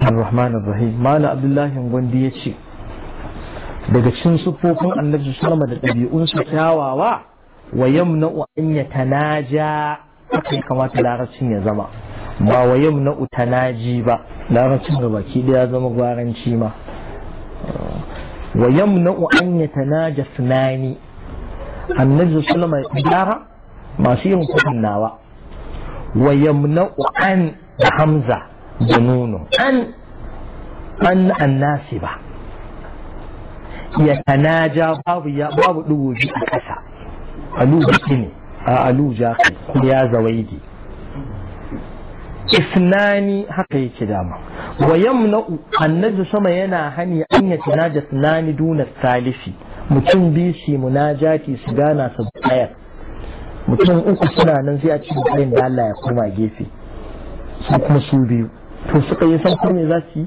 الرحمن الرحيم لا عبد الله غندي يشي daga cin sufofin annabi sallama da ɗabi'unsa kyawawa wa yamna'u an ya tanaja haka kamata larabcin ya zama ba wa yamna'u tanaji ba larabcin da baki da ya zama gwaranci ma wa yamna'u an ya tanaja sunani annabi sallama ya gyara masu yin kudin nawa wa yamna'u an hamza jununu an an annasi ba ya tanaja babu ya babu a ƙasa aluji ne a aluja ya zawaidi isnani haka yake dama wa yamna'u annabi sama yana hani an ya tanaja tunani duna salisi mutum bi shi munajati su gana su bayar mutum uku suna nan sai a cikin da Allah ya koma gefe su kuma su biyu to suka yi san kome za su yi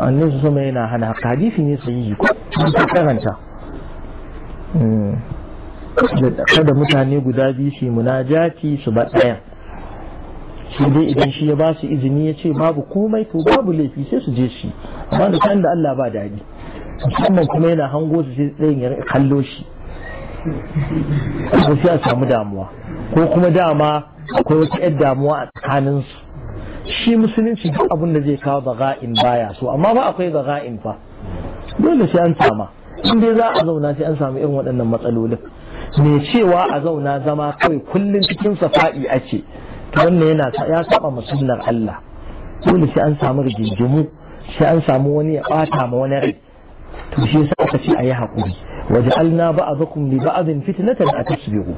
annin su sama yana hana hadisi ne su yi ko ta karanta hmm. kada mutane guda biyu su munajati su ba ɗayan shi dai idan shi ya ba su izini ya ce babu komai to babu laifi sai su je shi amma da kan da Allah ba daɗi musamman kuma yana hango su sai tsayin ya kallo shi ko sai a samu damuwa ko kuma dama akwai wata yar damuwa a tsakanin su shi musulunci duk abin da zai kawo baga'in baya so amma ba akwai baga'in fa dole sai an sama in dai za a zauna sai an samu irin waɗannan matsalolin me cewa a zauna zama kawai kullum cikin safa'i ce ta wannan yana ya saba musulunar Allah dole sai an samu rigingimu sai an samu wani ya bata ma wani rai to shi yasa aka ce ayi hakuri waja'alna ba'dakum li ba'dhin fitnatan atasbihu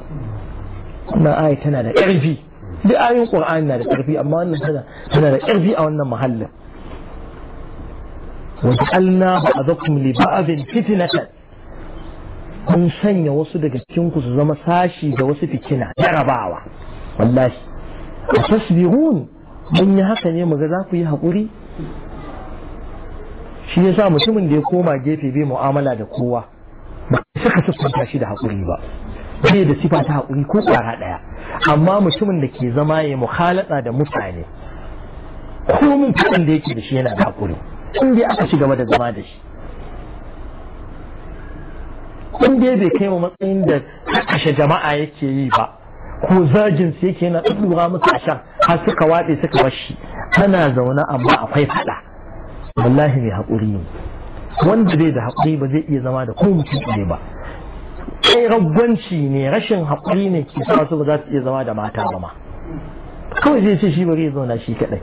wannan aya tana da ƙarfi duk ayoyin qur'ani na da ƙarfi amma wannan tana tana da ƙarfi a wannan mahallin wa ja'alna ba'dakum li ba'din fitnatan kun sanya wasu daga cikin ku su zama sashi da wasu fitina jarabawa wallahi tasbihun mun yi haka ne muga za ku yi haƙuri shi yasa mutumin da ya koma gefe bai mu'amala da kowa ba saka siffanta shi da haƙuri ba bai da sifa ta haƙuri ko ƙwara ɗaya amma mutumin da ke zama ya muhalata da mutane ko mun da yake da shi yana da haƙuri in aka ci gaba da zama da shi in dai bai kai ma matsayin da kashe jama'a yake yi ba ko zagin su yake yana ɗaɗɗura musu a shan har suka watse suka bar shi ana zaune amma akwai faɗa wallahi mai haƙuri ne wanda bai da haƙuri ba zai iya zama da ko mutum ne ba kai ragwanci ne rashin haƙuri ne ke sa su ba za su iya zama da mata ba ma kawai zai ce shi bari ya zauna shi kaɗai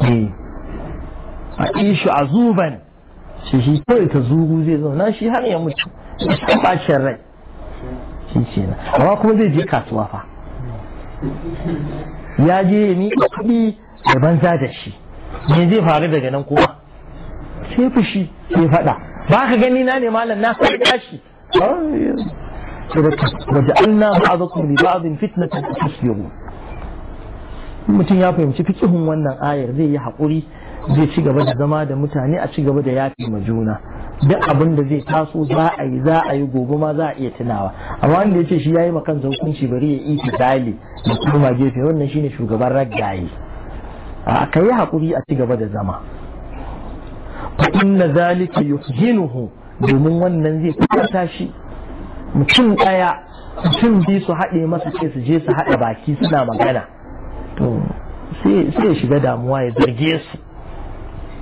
eh. a ishu a zuban shi shi kawai ta zuru zai zauna shi har ya mutu shi rai shi ce na amma kuma zai je kasuwa fa ya je ya miƙa kuɗi da banza da shi me zai faru daga nan kuma sai fushi sai faɗa ba ka gani na ne malam na sai tashi ba'dakum li ba'din fitnatan تصبرون mutum ya fahimci fikihun wannan ayar zai yi haƙuri zai ci gaba da zama da mutane a ci gaba da yafi ma juna duk abin da zai taso za a yi za a yi gobe ma za a iya tunawa amma wanda ya ce shi ya yi makan hukunci bari ya yi zali da kuma gefe wannan shine shugaban raggaye a ka yi haƙuri a ci gaba da zama fa inna zalika yuhinuhu domin wannan zai kwata shi mutum ɗaya mutum bi su haɗe masa ce su je su haɗa baki suna magana to sai ya shiga damuwa ya zarge su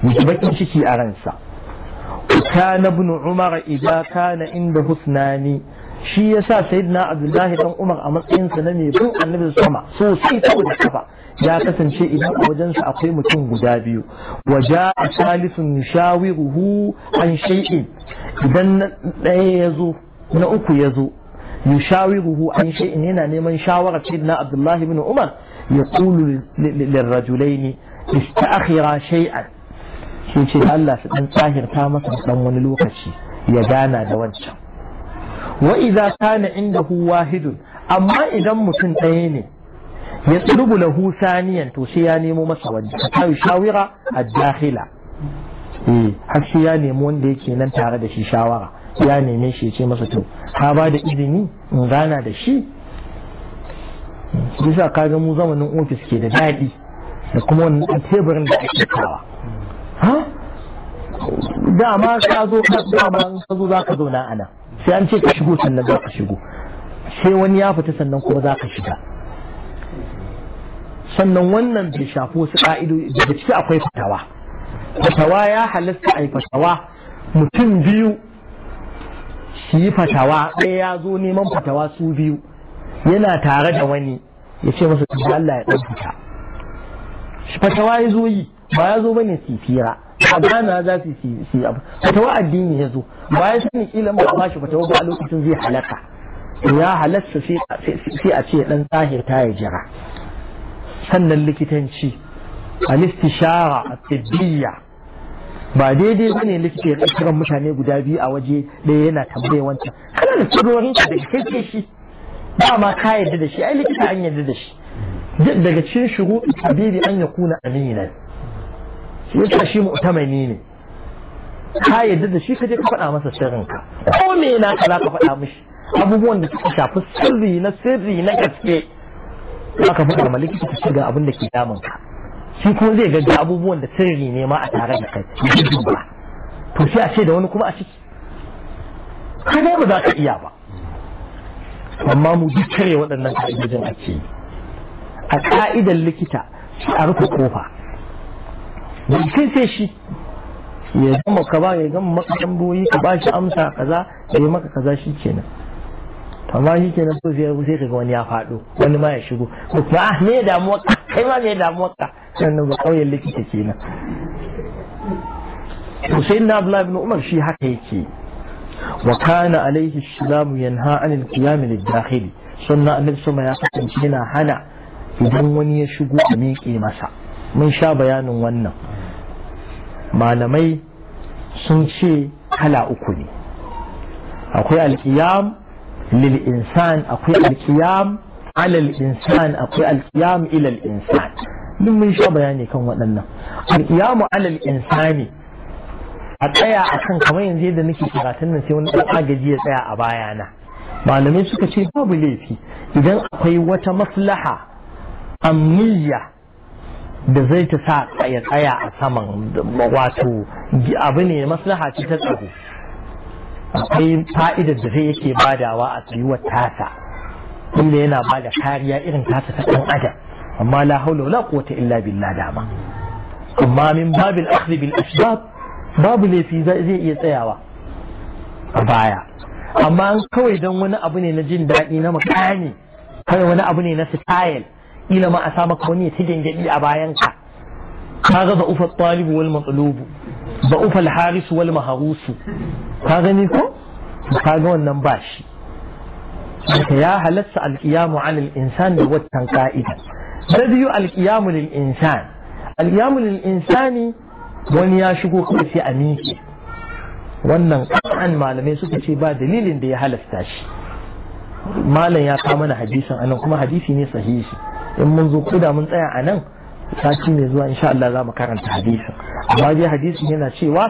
ya bakin ciki a ransa kana ibn umar idza kana inda husnani shi yasa sayyidina abdullahi dan umar a matsayinsa na mai bin annabi sama sosai da kafa ya kasance idan a wajensa akwai mutum guda biyu waja a salisun shawiruhu an shay'in idan ɗaya ya zo na uku ya zo yushawiruhu an shay'in yana neman shawarar sayyidina abdullahi bin umar ya qulu lirrajulaini ista'khira shay'an shi ce Allah su dan tsahirta masa dan wani lokaci ya gana da wancan wa idza kana hu wahidun amma idan mutum ɗaya ne ya tsulubu lahu saniyan to sai ya nemo masa wanda ta shawira a dakhila eh har sai ya nemi wanda yake nan tare da shi shawara ya neme shi ya ce masa to ka ba da izini in gana da shi bisa ka ga mu zamanin ofis ke da daɗi da kuma wannan teburin da ake kawa dama ka zo ka zo za ka zo na anan sai an ce ka shigo sannan za ka shigo sai wani ya fita sannan kuma za ka shiga sannan wannan bai shafi wasu ƙa'ido daga ciki akwai fatawa fatawa ya halasta a yi fatawa mutum biyu su yi fatawa ɗaya ya zo neman fatawa su biyu yana tare da wani ya ce masa tafi Allah ya ɗan fita fatawa ya zo yi ba ya zo bane su fira a gana za su yi abu wa addini ya zo ba ya sani kila ba ba shi fatawa ba a lokacin zai halaka ya halatta sai a ce dan Zahir ta ya jira sannan likitanci alistishara a tibbiya ba daidai bane likita ya kiran mutane guda biyu a waje daya yana tambaye wancan kana da tsirorin ka daga kai shi ba ma ka yarda da shi ai likita an yarda da shi daga cikin a tabibi an yakuna aminan shi yasa shi mu'tamani ne ka yadda da shi ka je ka faɗa masa sirrin sirrinka ko me na ka za ka faɗa mishi abubuwan da suka shafi sirri na sirri na gaske za ka faɗa maliki likita ka shiga abin da ke damun ka shi kuma zai gaji abubuwan da sirri ne ma a tare da kai to shi a ce da wani kuma a ciki ka ba za ka iya ba amma mu duk cire waɗannan ka'idojin a ce a ka'idar likita a rufe kofa bincin sai shi ya gama ka ba ya gama maka tambayoyi ka ba shi amsa kaza ya yi maka kaza shi kenan amma shi kenan so sai sai kaga wani ya faɗo wani ma ya shigo ko ah me ya damuwa ka kai ma me ya damuwa ka nan ba kauyen likita kenan Hussein na Abdullah ibn Umar shi haka yake wa kana alaihi zamu yanha anil qiyam lid dakhili sunna annabi sama ya kasance yana hana idan wani ya shigo a miƙe masa mun sha bayanin wannan malamai sun ce kala uku ne akwai alkiyam lil insan akwai alkiyam alal insan akwai alkiyam ilal insan duk mun sha bayani kan waɗannan alkiyamu alal insani a tsaya a kan kamar yanzu yadda nake karatun nan sai wani ɗan agaji ya tsaya a bayana malamai suka ce babu laifi idan akwai wata maslaha amniya da zai ta sa ya tsaya a saman wato abu ne maslaha ce ta tsaro akwai fa'idar da zai yake badawa a tsayuwar tasa inda yana ba da kariya irin tasa ta ɗan adam amma la haula wala quwwata illa billah dama amma min babil akhdh bil asbab babu laifi zai iya tsayawa a baya amma kawai dan wani abu ne na jin daɗi na makani kawai wani abu ne na style kila ma a sa maka wani ya ta gyangyaɗi a bayan ka. kaga ba ufa talibu wal matlubu ba ufa harisu wal maharusu ka gani ko kaga wannan bashi. ya halatta alƙiyamu al insan da watan ka'ida na biyu alƙiyamu lil insan alƙiyamu lil insani wani ya shigo kawai sai a wannan an malamai suka ce ba dalilin da ya halasta shi malam ya kama na hadisin anan kuma hadisi ne sahihi in mun zo koda mun tsaya a nan sati mai zuwa insha Allah za mu karanta hadisin amma dai hadisin yana cewa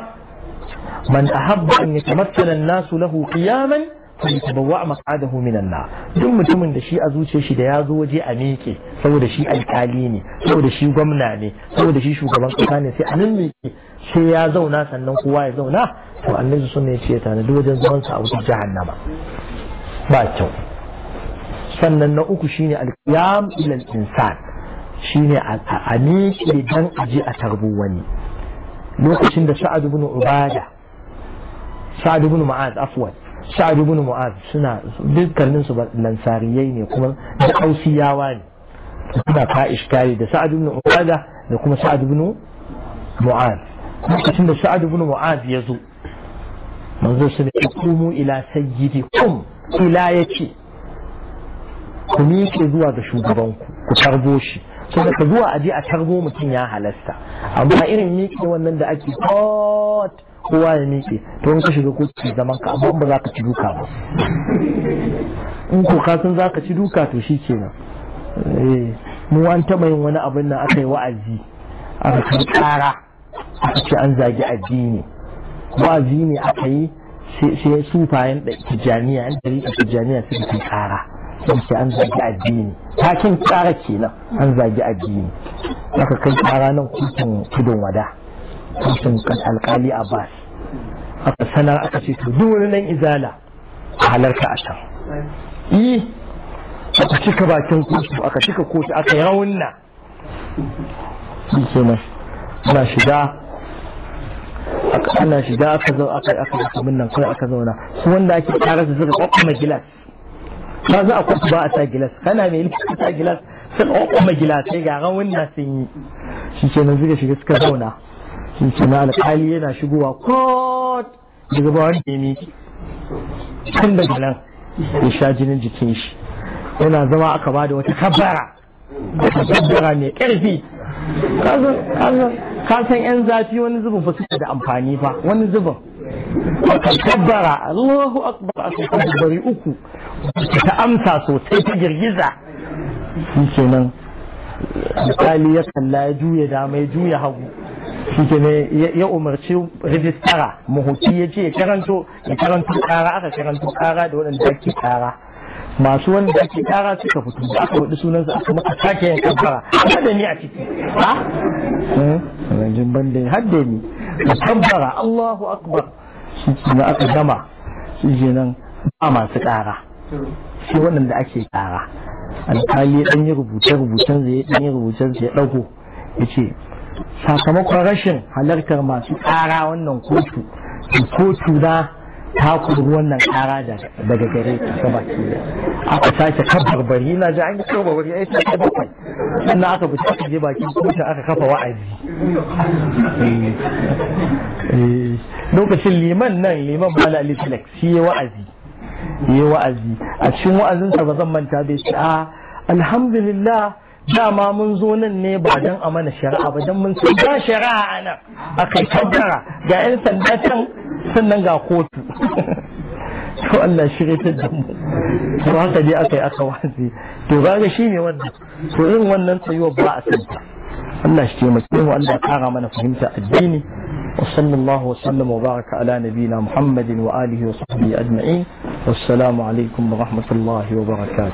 man ahabba an yatamassala an-nasu lahu qiyaman falyatabawa maq'adahu min nar duk mutumin da shi a zuciyar shi da ya zo waje a miƙe saboda shi alƙali ne saboda shi gwamna ne saboda shi shugaban kasa ne sai a nan miƙe sai ya zauna sannan kowa ya zauna to annabi sunne ya ce ta duk wajen zaman sa a jihar jahannama ba kyau sannan na uku shine alqiyam ila insan shine a miƙe dan aje a tarbu wani lokacin da sa'ad ibn ubada sa'ad ibn mu'az afwan sa'ad ibn mu'az suna dukkanin su lansariyai ne kuma da ausiyawa ne suna ka iskari da sa'ad ibn ubada da kuma sa'ad ibn mu'az lokacin da sa'ad ibn mu'az ya zo manzo su ne kumu ila sayyidikum ila yace ku miƙe zuwa ga shugabanku ku tarbo shi so daga zuwa a je a tarbo mutum ya halasta amma irin miƙe wannan da ake kot kowa ya miƙe to in ka shiga ko ki zaman ka amma ba za ka ci duka ba in ko ka san za ka ci duka to shi kenan eh, mu an taɓa yin wani abin nan aka yi wa'azi a kan tsara aka ce an zagi addini wa'azi ne aka yi sai sufayen tijjaniya yan ɗari tijjaniya suka kan tsara. mutum an zagi addini takin tsara kenan an zagi addini aka kai tsara nan kotun tudun wada kotun alkali abbas aka sanar aka ce to duk nan izala a halarka a can yi e, aka cika bakin kotu aka cika kotu aka yi raunna shi mai ana shiga ana shiga aka zo aka aka aka nan kai aka zauna su wanda ake tsara su suka kwakwama gilas ka za a kwasu ba a ta gilas kana mai likita ta gilas sun kwakwama gilasai ga ran wannan sun yi shi ke nan zuga shiga suka zauna shi ke na alƙali yana shigowa kot daga ba wanda ya miki tun daga nan ya sha jinin jikin shi yana zama aka ba da wata kabara, wata kabara mai ƙarfi kasan yan zafi wani zubin ba suka da amfani ba wani zubin kabbara Allahu akbar a cikin bari uku ta amsa sosai ta girgiza shi kenan misali ya kalla ya juya dama ya juya hagu shi kenan ya umarci rijistara mahuti ya ce ya karanto ya karanto kara aka karanto kara da waɗanda ake kara masu wanda ake kara suka fito da aka faɗi sunansa aka maka sake yin kabbara haɗe ni a ciki ha? Hmm? ban da ni musabbara Allahu akbar shi aka gama shi nan ba masu ƙara shi waɗanda ake ƙara alƙali ɗan yi rubuce-rubucen zai ɗan yi rubucen zai ɗago ya ce sakamakon rashin halartar masu ƙara wannan kotu kotu na ta kudu wannan kara daga gare ta gaba aka sake bari na ji an yi ya yi sake bakwai sannan aka fita aka je bakin ta aka kafa wa'azi eh, eh, lokacin liman nan liman mala ali flex shi ya wa'azi ya wa'azi a cikin wa'azinsa ba zan manta bai ce a ah, alhamdulillah dama mun zo nan ne ba don a mana shari'a ba don mun san ba shari'a a nan a kai tabbara ga 'yan sanda can nan ga kotu to Allah shi ta da mu to haka dai akai aka wazi to ga ga shi ne wannan to irin wannan tsayuwar ba a santa Allah shi mace mu Allah ya kara mana fahimta addini wa sallallahu wa sallama wa baraka ala nabiyina Muhammadin wa alihi wa sahbihi ajma'in wassalamu alaikum wa rahmatullahi wa barakatuh